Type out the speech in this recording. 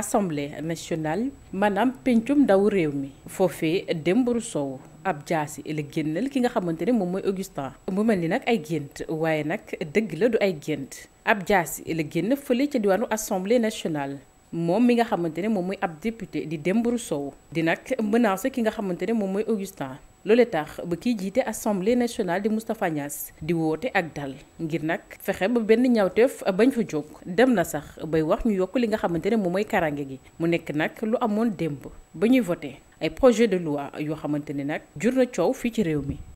assemblée nationale maanaam pencum ndaw réew mi foofee Dembourou Sow ab jaasi la génnal ki nga xamante ne moom mooy Augustin mu mel ni nag ay gént waaye nag dëgg la du ay gént ab jaasi la génn fële ca diwaanu assemblée nationale moom mi nga xamante ne moom mooy ab député di Dembourou Sow di nag menacé ki nga xamante ne moom mooy Augustin loolee tax ba kiy jiite assemblée nationale di Moustapha Niass di woote ak dal ngir nag fexe ba benn ñawteef bañ fa jóg dem na sax bay wax ñu yokk li nga xamante ne moom mooy karange gi mu nekk nag lu amoon démb ba ñuy voté ay projet de loi yoo xamante ne nag jur na coow fii ci réew mi.